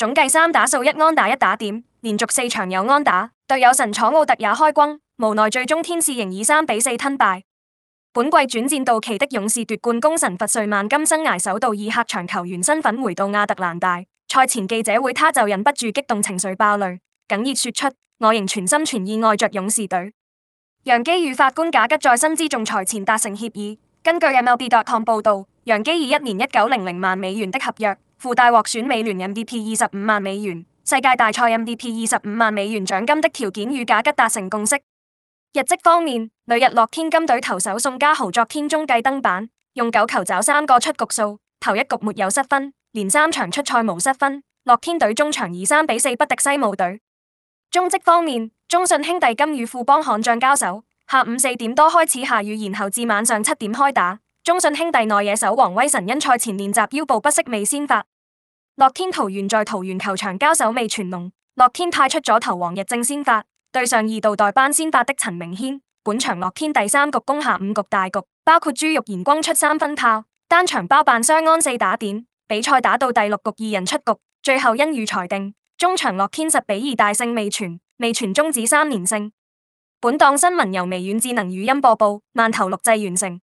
總計三打數一安打一打點，連續四場有安打，隊友神楚奧特也開轟，無奈最終天使仍以三比四吞敗。本季轉戰到期的勇士奪冠功臣佛瑞曼今生涯首度以客場球員身份回到亞特蘭大。賽前記者會，他就忍不住激動情緒爆淚，哽咽說出：我仍全心全意愛着勇士隊。楊基與法官賈吉在薪資仲裁前達成協議，根據 MLB.com 報道，楊基以一年一九零零萬美元的合約。附帶獲選美聯 MVP 二十五萬美元，世界大賽 MVP 二十五萬美元獎金的條件與賈吉達成共識。日職方面，旅日樂天金隊投手宋家豪昨天中繼登板，用九球找三個出局數，頭一局沒有失分，連三場出賽無失分。樂天隊中場以三比四不敵西武隊。中職方面，中信兄弟今與富邦悍將交手，下午四點多開始下雨，然後至晚上七點開打。中信兄弟內野手王威晨因賽前練習腰部不適未先發，樂天桃猿在桃園球場交手味全龍，樂天派出左投王溢正先發，對上二度代班先發的陳明軒。本場樂天第三局攻下五局大局，包括朱育賢轟出三分炮，單場包辦雙安四打點。比賽打到第六局二人出局，最後因雨裁定，終場樂天十比二大勝味全，味全終止三連勝。本檔新聞由微軟智能語音播報，慢投錄製完成。